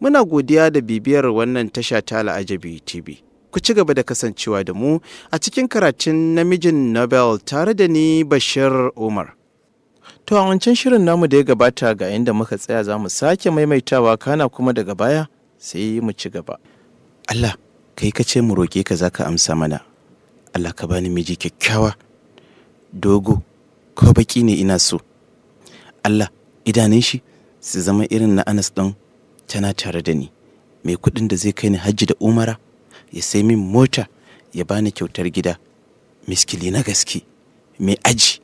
Muna godiya da bibiyar wannan tasha ta Al'ajabi TV. Ku ci gaba da kasancewa da mu a cikin karatun namijin Nobel tare da ni Bashir Umar. To a wancan shirin namu da ya gabata ga inda muka tsaya za mu sake maimaitawa kana kuma daga baya sai mu ci gaba. Allah, kai ka ce mu roƙe ka za ka amsa mana. Allah ka bani miji kyakkyawa, dogo, ko baƙi ne ina so. Allah, idanun shi su zama irin na Anas ɗin tana tare da ni mai kuɗin da zai kai ni hajji da umara ya sai min mota ya bani kyautar gida miskili na gaske mai aji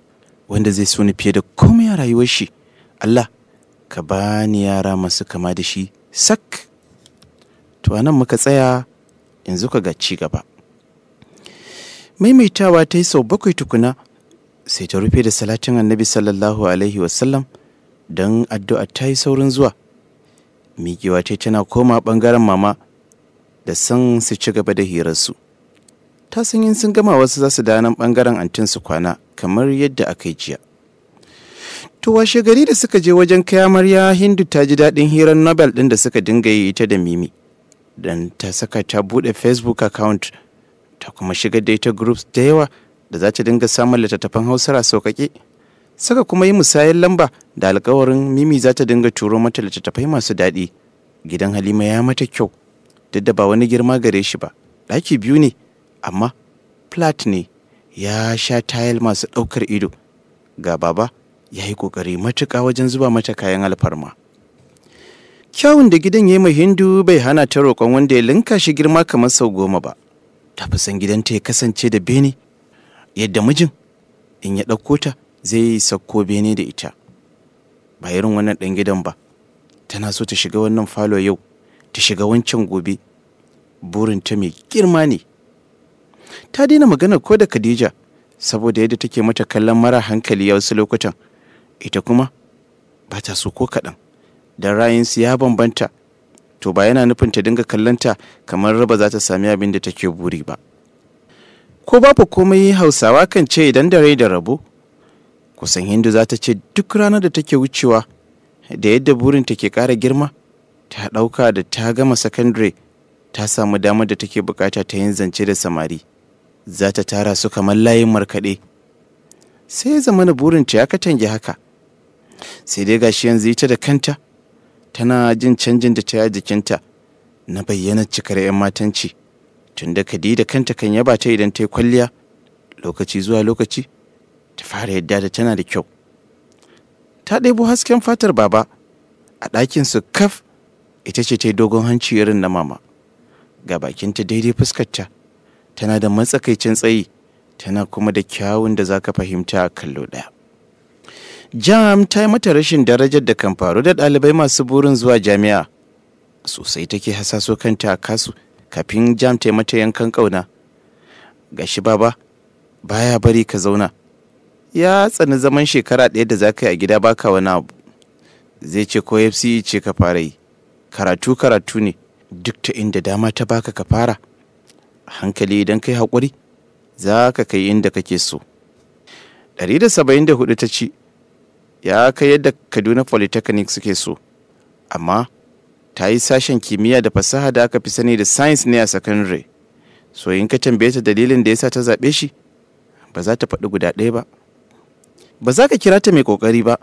wanda zai so ni fiye da komai a rayuwar shi Allah ka bani yara masu kama da shi sak to anan muka tsaya yanzu ka ga ci gaba maimaitawa ta yi sau bakwai tukuna sai ta rufe da salatin annabi sallallahu alaihi wasallam don addu'a ta yi saurin zuwa mikiwa ce tana koma bangaren mama da san su ci gaba da hirarsu ta san yin sun gama wasu za su da nan ɓangaren antin su kwana kamar yadda aka yi jiya to washe gari da suka je wajen kaya amarya hindu ta ji daɗin hirar nobel ɗin da suka dinga yi ita da mimi dan ta saka ta buɗe facebook account ta kuma shigar da ita groups da yawa da za ta dinga samun littattafan hausara sauƙaƙe saka kuma yi musayar lamba da alkawarin mimi za ta dinga turo mata littattafai masu daɗi gidan halima ya mata kyau duk da ba wani girma gare shi ba ɗaki biyu ne amma flat ne ya sha tayal masu ɗaukar ido ga baba ya yi ƙoƙari matuƙa wajen zuba mata kayan alfarma kyawun da gidan ya yi hindu bai hana ta roƙon wanda ya linka shi girma kamar sau goma ba ta fi gidan gidanta ya kasance da bene yadda mijin in ya ɗauko ta zai yi sakko bene da ita ba irin wannan ɗan gidan ba tana so ta shiga wannan falo yau ta shiga wancan gobe burin ta mai girma ne ta daina maganar ko da khadija saboda yadda take mata kallon mara hankali ya wasu lokutan ita kuma ba ta so ko kaɗan don rayin ya bambanta to ba yana nufin ta dinga kallonta kamar raba za ta sami abin da take buri ba ko babu komai hausawa kan ce idan da rai da rabo kusan hindu za ta ce duk ranar da take wucewa da yadda burinta ke ƙara girma ta ɗauka da ta gama sakandare ta samu damar da take bukata ta yin zance da samari za ta tara su kamar layin markaɗe sai ya zama burinta ya katange haka sai dai ga shi yanzu ita da kanta tana jin canjin da ta yi jikinta na bayyana cikar 'yan matanci tunda kadi da kanta kan yaba ta idan ta yi kwalliya lokaci zuwa lokaci ki fara yadda da tana da kyau ta ɗebo hasken fatar baba a ɗakin su kaf ita ce ta yi dogon hanci irin na mama ga bakinta daidai fuskarta tana da matsakaicin tsayi tana kuma da kyawun da za ka fahimta a kallo ɗaya jam ta yi mata rashin darajar da kan faru da ɗalibai masu burin zuwa jami'a sosai take hasaso kanta a kasu kafin jam ta yi mata yankan ƙauna gashi baba baya bari ka zauna ya tsani zaman shekara ɗaya da za ka yi a gida baka wani abu zai ce ko FC e ce ka fara yi karatu karatu ne duk ta inda dama ta baka ka fara hankali idan kai haƙuri za ka kai inda kake so da hudu ta ci ya kai yadda kaduna polytechnic suke so amma ta yi sashen kimiyya da fasaha da aka fi sani da science ne a secondary so in ka tambaye ta dalilin da ya sa ta zaɓe shi ba za ta faɗi guda ɗaya ba ba za ka kira ta mai kokari ba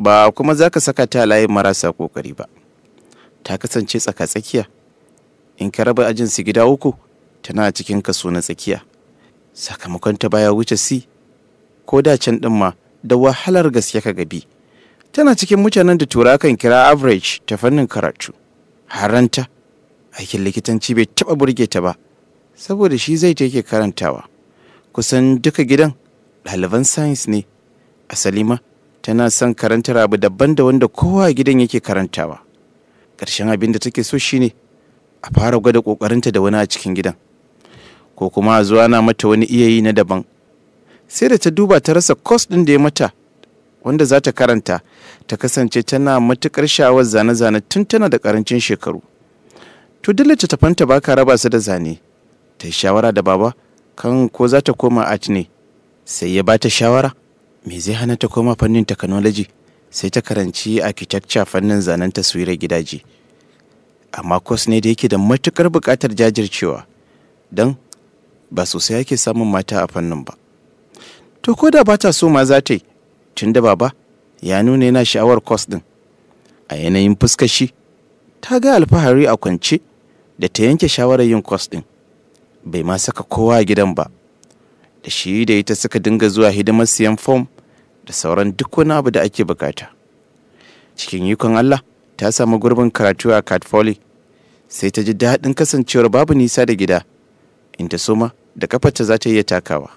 ba kuma za ka saka ta layin marasa kokari ba ta kasance tsaka-tsakiya in ka raba ajin su gida uku tana cikin kaso na tsakiya sakamakon ta baya wuce si ko da can ɗin ma da wahalar gaske ka gabi tana cikin mutanen da tura kan kira average ta fannin karatu haranta aikin likitanci bai taba burge ta ba saboda shi zai ta yake karantawa kusan duka gidan ɗaliban science ne a salima tana son karantar abu daban da wanda kowa a gidan yake karantawa ƙarshen abin da take so shine a fara gwada ƙoƙarinta da wani a cikin gidan ko kuma a zuwa na mata wani iyayi na daban sai da ta duba ta rasa kos ɗin da ya mata wanda za ta karanta ta kasance tana matuƙar sha'awar zane-zane tun tana da ƙarancin shekaru to dole ta tafanta ba ka raba su da zane ta yi shawara da baba kan ko za ta koma a ne sai ya ba ta shawara me zai hana ta koma fannin technology sai ta karanci architecture fannin zanen taswirar gidaje amma kwas ne da yake da matukar buƙatar jajircewa don ba sosai ake samun mata a fannin ba to ko da ba ta so ma za ta yi tun da baba ya nuna yana sha'awar kwas din a yanayin fuskar shi ta ga alfahari a kwance da ta yanke shawarar yin kwas din bai ma saka kowa a gidan ba da shi da ita suka dinga zuwa hidimar siyan fom da sauran duk wani abu da ake bukata cikin ikon allah ta samu gurbin karatu a katfoli sai ta ji daɗin kasancewar babu nisa da gida inda soma da kafarta za ta iya takawa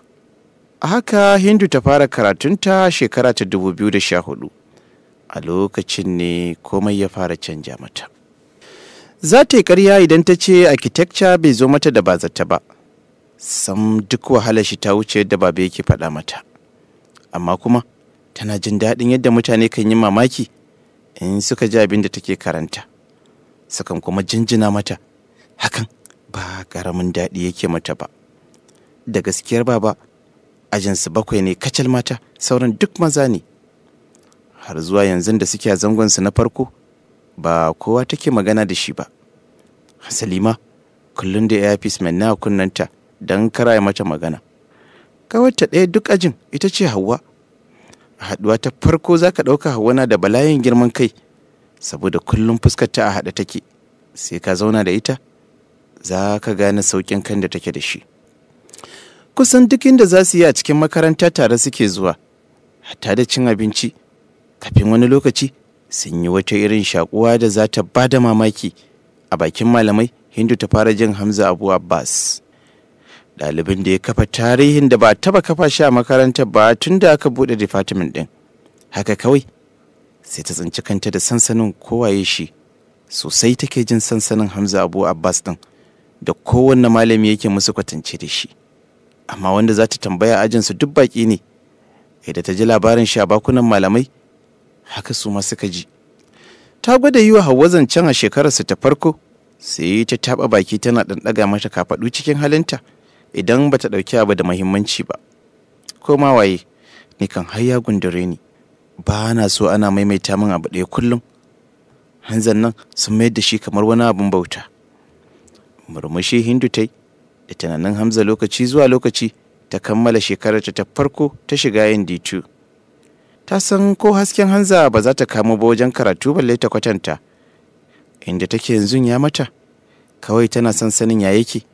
a haka hindu ta fara karatunta shekara ta 2014 a lokacin ne komai ya fara canja mata za ta yi karya idan ta ce architecture bai zo mata da bazata ba sam duk wahalar shi ta wuce yadda babu yake faɗa mata amma kuma tana jin daɗin yadda mutane kan yi mamaki in suka ji abin da take karanta sukan kuma jinjina mata hakan ba ƙaramin daɗi yake mata ba da gaskiyar baba ajinsu bakwai ne kacal mata sauran duk maza ne har zuwa yanzu da suke a zangonsu na farko ba kowa take magana da shi ba Salima kullum da ya earpiece mai na kunnanta don kara mata magana kawarta ɗaya duk ajin ita ce Hauwa. a haɗuwa ta farko za ka ɗauka Hauwa na da balayin girman kai saboda kullum fuskar ta a haɗa take sai ka zauna da ita za ka gane sauƙin kan da take da shi kusan duk inda za su yi a cikin makaranta tare suke zuwa hatta da cin abinci kafin wani lokaci sun yi wata irin shakuwa da za ta ba da mamaki a bakin malamai hindu ta fara jin hamza abu abbas ɗalibin da ya kafa tarihin da ba a taba kafa shi a makarantar ba tun da aka buɗe department ɗin haka kawai sai ta tsinci kanta da sansanin kowaye shi sosai take jin sansanin hamza abu abbas ɗin da kowanne malami yake musu kwatance da shi amma wanda za ta tambaya ajinsu duk baki ne idan ta ji labarin shi a bakunan malamai haka su ma suka ji ta gwada yi wa hawa zancen a shekararsa ta farko sai ta taɓa baki tana ɗanɗaga mata kafaɗu cikin halinta idan ba ta ɗauki abu da mahimmanci ba ko ma waye ni kan har ya gundure ni ba na so ana maimaita min abu ɗaya kullum hanzan nan sun mayar da shi kamar wani abin bauta murmushi hindu tai da tunanin hamza lokaci zuwa lokaci ta kammala shekararta ta farko ta shiga yin d ta san ko hasken hanza ba za ta kamo ba wajen karatu balle ta kwatanta inda take yanzu ya mata kawai tana son sanin ya yake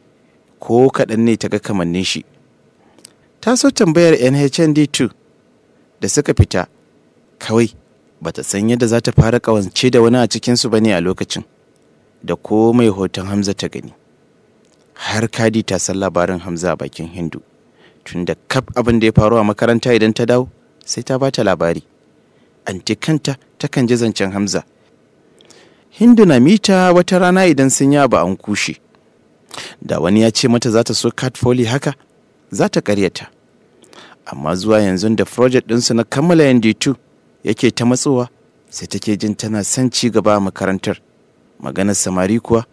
ko kaɗan ne ta ga kamannin shi ta so tambayar nhnd2 da suka fita kawai bata san yadda za ta fara ƙawance da wani a cikinsu ba ne a lokacin da ko mai hoton hamza ta gani har kadi ta san labarin hamza a bakin hindu tun da kaf abin da ya faru a makaranta idan ta dawo sai ta bata labari anti kanta takan ji zancen hamza hindu na mita wata rana idan sun yaba an kushe da wani ya ce mata za ta so cat foley haka za ta karyata amma zuwa yanzu da project ɗinsu na kammala nd2 yake ta matsowa sai take jin tana son ci gaba a makarantar maganar samari kuwa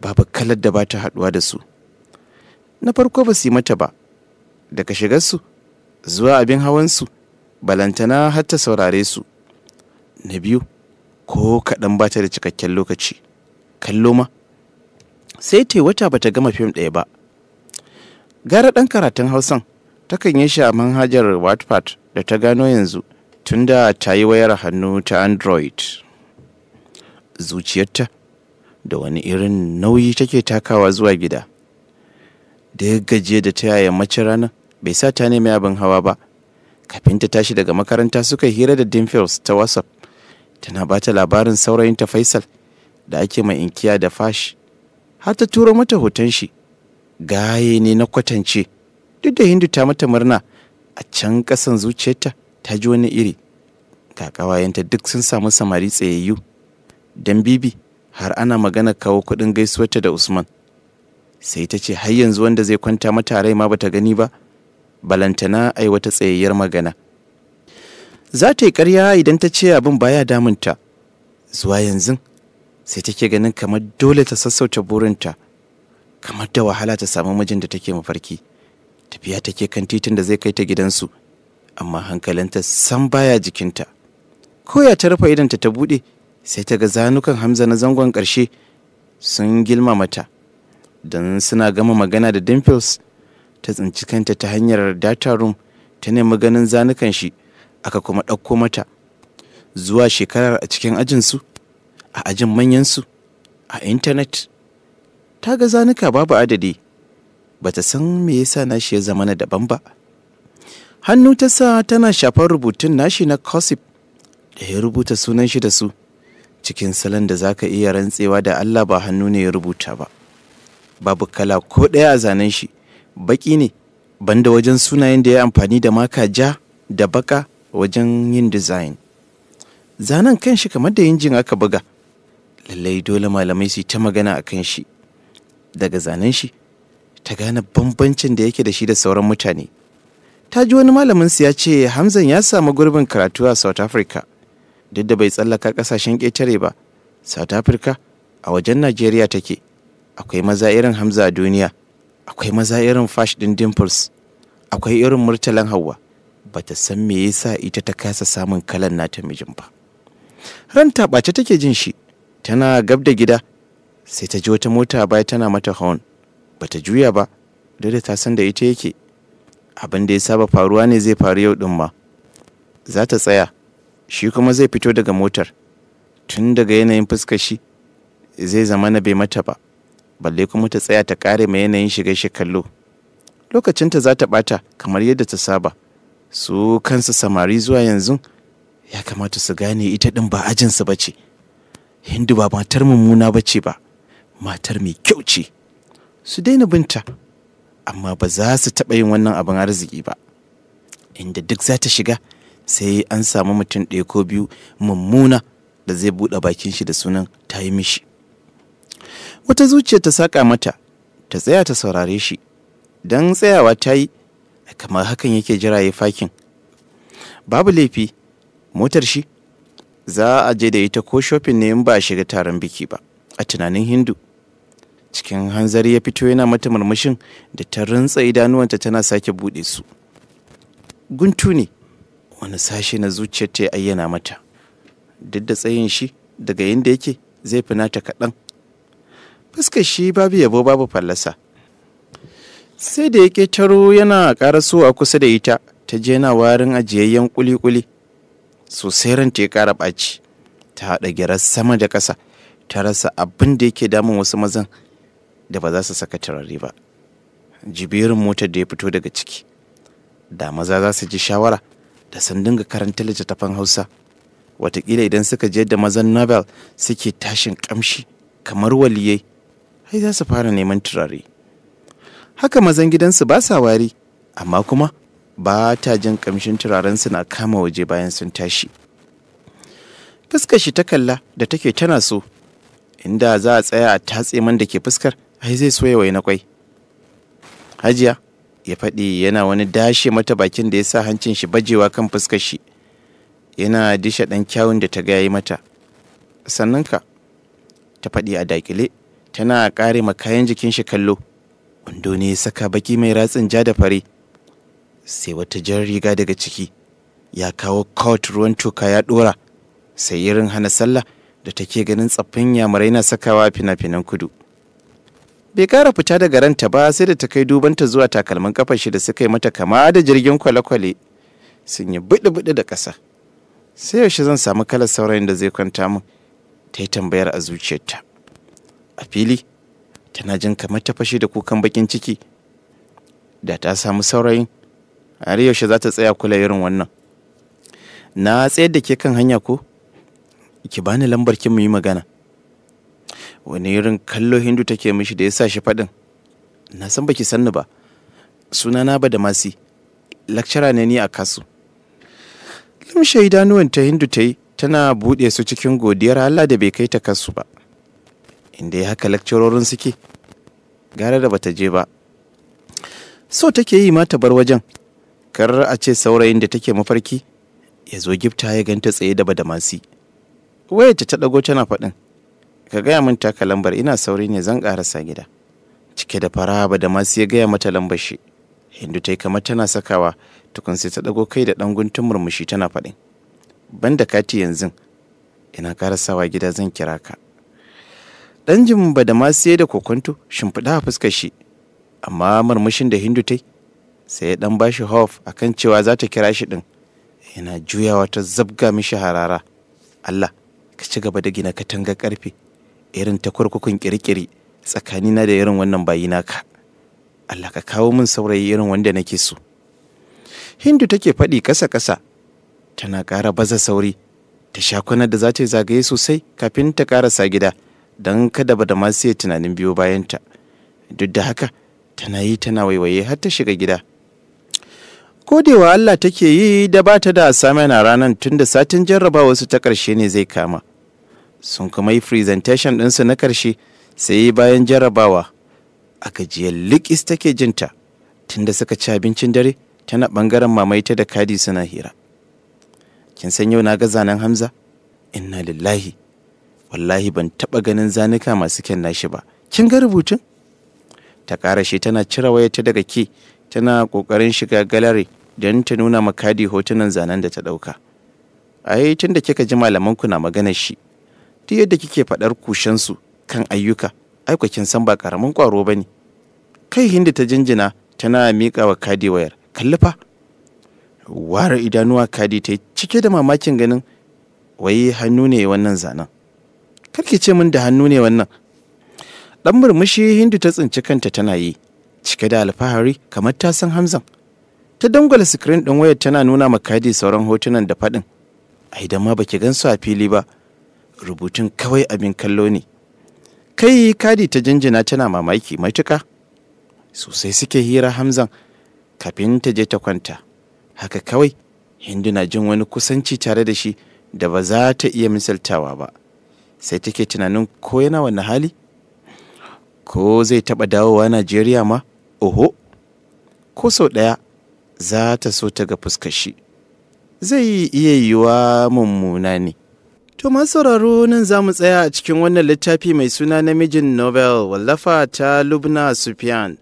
babu kalar da ba ta haɗuwa da su na farko ba su yi mata ba daga shigarsu zuwa abin hawansu balantana har ta saurare su na biyu ko kaɗan ba ta da cikakken lokaci kallo ma sai ta wata bata gama fim ɗaya ba gara ɗan karatun hausan kan yi shi a manhajar wattpad da ta gano yanzu tun da ta yi wayar hannu ta android zuciyarta da wani irin nauyi take takawa zuwa gida da ya da ta yaya mace rana bai sa ta nemi abin hawa ba kafin ta tashi daga makaranta suka hira da dimfils ta whatsapp tana ba ta labarin saurayinta faisal da ake mai inkiya da fash har ta turo mata hoton shi gaye ne na kwatance duk da hindu ta mata murna a can ƙasan zuciyarta ta ji wani iri ga kawayenta duk sun samu samari tsayayyu dan bibi har ana magana kawo kuɗin gaisuwarta da usman sai ta ce har yanzu wanda zai kwanta mata rai ma bata gani ba balantana ai wata tsayayyar magana za ta yi ƙarya idan ta ce abin baya damunta zuwa yanzu sai take ganin kamar dole ta sassauta burinta kamar da wahala ta samu mijin da take mafarki tafiya take kan titin da zai kai ta gidansu amma hankalinta san baya jikinta koya ta rufe idanta ta bude sai ta ga zanukan hamza na zangon ƙarshe sun gilma mata don suna gama magana da dimples ta tsinci kanta ta hanyar data room ta nemi ganin zanukan shi aka kuma ɗauko mata zuwa shekarar a cikin ajinsu a ajin manyansu a intanet ta ga zanuka babu adadi ba ta san me yasa nashi ya zama na daban ba hannu ta sa tana shafar rubutun nashi na gossip da ya rubuta sunan shi da su cikin salon da za ka iya rantsewa da allah ba hannu ne ya rubuta ba babu kala ko ɗaya a zanen shi baƙi ne banda wajen sunayen da ya amfani da maka ja da baka wajen yin design zanen kan shi kamar da injin aka buga lallai dole malamai su ta magana a kan shi daga zanen shi ta gane bambancin da yake da shi da sauran mutane ta ji wani malamin su ya ce hamzan ya samu gurbin karatu a south africa duk da bai tsallaka kasashen ƙetare ba south africa a wajen najeriya take akwai maza irin hamza a duniya akwai maza irin fash din dimples akwai irin murtalan hawa bata san me yasa ita ta kasa samun kalan nata mijin ba ran ta take jin shi tana gab da gida sai ta ji wata mota baya tana mata horn bata juya ba dole ta san da ita yake abin da ya saba faruwa ne zai faru yau din ma za ta tsaya shi kuma zai fito daga motar tun daga yanayin fuskar shi zai zama na bai mata ba balle kuma ta tsaya ta kare ma yanayin shiga shi kallo lokacinta za ta bata kamar yadda ta saba su kansu samari zuwa yanzu ya kamata su gane ita din ba ajinsu ba ce hindu ba matar mummuna ba ce ba matar mai kyau ce su daina binta amma ba za su taɓa yin wannan abin arziki ba inda duk za ta shiga sai an samu mutum ɗaya ko biyu mummuna da zai buɗe bakin shi da sunan ta yi mishi wata zuciya ta saƙa mata ta tsaya ta saurare shi don tsayawa ta yi kamar hakan yake jira ya fakin babu laifi motar shi za a je da ita ko shopping ne in ba a shiga taron biki ba a tunanin hindu cikin hanzari ya fito yana mata murmushin da ta rantsa idanuwanta tana sake buɗe su guntu ne wani sashe na zuciyar ta ayyana mata duk da tsayin shi daga yinda yake zai fi nata kaɗan fuskar shi babu yabo babu fallasa sai da ya ƙetaro yana ƙaraso a kusa da ita ta je na warin ajiyayyen kuli-kuli sosai ranta ya kara ɓaci ta haɗa gyarar sama da ƙasa ta rasa abin da yake damun wasu mazan da ba za su saka turare ba jibirin motar da ya fito daga ciki da maza za su ji shawara da sun dinga karanta littattafan hausa watakila idan suka je da mazan nobel suke tashin kamshi kamar waliyai ai za su fara neman turare haka mazan gidansu ba sa wari amma kuma ba ta jin kamshin turaren suna kama waje bayan sun tashi fuskar shi ta kalla da take tana so inda za a tsaya a tatse man da ke fuskar ai zai so ya na kwai hajiya ya faɗi yana wani dashe mata bakin da ya sa hancin shi bajewa kan fuskar shi yana disha ɗan kyawun da ta ga yi mata sannan ka ta faɗi a dakile tana ƙare ma kayan jikin shi kallo wando ne ya saka baki mai ratsin ja da fare sai wata jan riga daga ciki ya kawo kot ruwan toka ya ɗora sai irin hana sallah da take ganin tsaffin yamurai na sakawa fina-finan kudu bai kara fita daga ranta ba sai da ta kai dubanta zuwa takalman kafar shi da suka yi mata kama da jirgin kwale-kwale sun yi buɗe-buɗe da ƙasa sai yaushe zan samu kalar saurayin da zai kwanta min ta yi tambayar a zuciyarta a fili tana jin kamar ta fashe da kukan bakin ciki da ta samu saurayin har yaushe za ta tsaya kula irin wannan na tsayar da ke kan hanya ko ki bani lambar kin mu yi magana wani irin kallo hindu take mishi da ya sa shi faɗin na san baki sanni ba suna na ba da masi lakcara ne ni a kasu limshe idanuwan ta hindu ta yi tana buɗe su cikin godiyar allah da bai kai ta kasu ba inda ya haka lakcarorin suke gara da bata je ba so take yi ma ta bar wajen kar a ce saurayin da take mafarki ya zo gifta ya ganta tsaye da badamasi wayarta ta dago tana faɗin ka gaya min taka lambar ina sauri ne zan ƙarasa gida cike da fara badamasi ya gaya mata lambar shi hindu ta yi kamar tana sakawa tukun sai ta dago kai da ɗan guntun murmushi tana faɗin ban da kati yanzu ina ƙarasawa gida zan kira ka ɗan jin badamasi da kokonto shimfiɗa a fuskar shi amma murmushin da hindu ta yi sai ya dan bashi hof a kan cewa za ta kira shi din yana juyawa ta zabga mishi harara Allah ka ci gaba da gina katanga karfe irin ta kurkukun kirkiri na da irin wannan bayi naka Allah ka kawo min saurayi irin wanda nake so Hindu take faɗi kasa-kasa tana ƙara baza sauri ta kwana da za ta zagaye sosai kafin ta ƙarasa gida don kada ba da masu tunanin biyo bayanta duk da haka tana yi tana waiwaye har ta shiga gida Kodewa Allah take yi da ba ta da assignment ranar tun da satin jarrabawar su ta ƙarshe ne zai kama. Sun kuma yi presentation ɗinsu na ƙarshe sai bayan jarrabawa. A gajiyar likis take jinta tun da suka ci abincin dare tana ɓangaren mamaita da kadi suna hira. Kin san yau na ga zanen Hamza? Inna lillahi. Wallahi ban taɓa ganin zanuka masu kyan nashi ba. Kin ga rubutun? ta ƙara shi tana cire wayata daga ke tana ƙoƙarin shiga galare don ta nuna makadi hotunan zanen da ta ɗauka. Ai tun da kika ji malamanku na maganar shi, duk yadda kike faɗar kushensu kan ayyuka, ai kin san ba ƙaramin ƙwaro ba ne. Kai hindi ta jinjina tana miƙa wa kadi wayar, kalli fa. Wara idanuwa kadi ta cike da mamakin ganin wai hannu ne wannan zanen. Karki ce min da hannu ne wannan. Ɗan murmushi hindu ta tsinci kanta tana yi. cike da alfahari kamar ta san hamzan ta dangwala sikirin ɗin wayar tana nuna makadi sauran hotunan da faɗin a idan ma baki gan su a fili ba rubutun kawai abin kallo ne kai kadi ta jinjina tana mamaki matuka sosai suke hira hamzan kafin ta je ta kwanta haka kawai hindu na jin wani kusanci tare da shi da ba za ta iya misaltawa ba sai take tunanin ko yana wani hali ko zai taɓa dawowa najeriya ma oho ko sau ɗaya za ta so ta ga fuskashi zai iya yiwa mummuna ne To sauraro nan za mu tsaya a cikin wannan littafi mai suna namijin Nobel wallafa ta Lubna Sufyan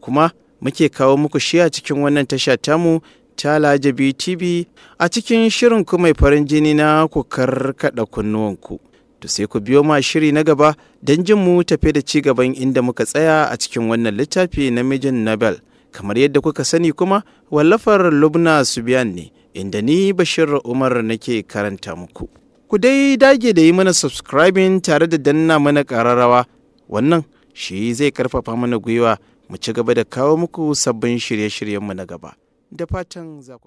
kuma muke kawo muku shi a cikin wannan tasha tamu ta Lajabi TV a cikin shirin ku mai farin jini na ku karkada kunnuwanku. to sai ku biyo ma shiri na gaba don jin mu tafe da ci gaban inda muka tsaya a cikin wannan littafi na mijin Nobel. Kamar yadda kuka sani kuma wallafar Lubna Subiyan ne inda ni Bashir Umar nake karanta muku. Ku dai dage da yi mana subscribing tare da danna mana ƙararrawa wannan shi zai karfafa mana gwiwa mu ci gaba da kawo muku sabbin shirye-shiryenmu na gaba. Da fatan za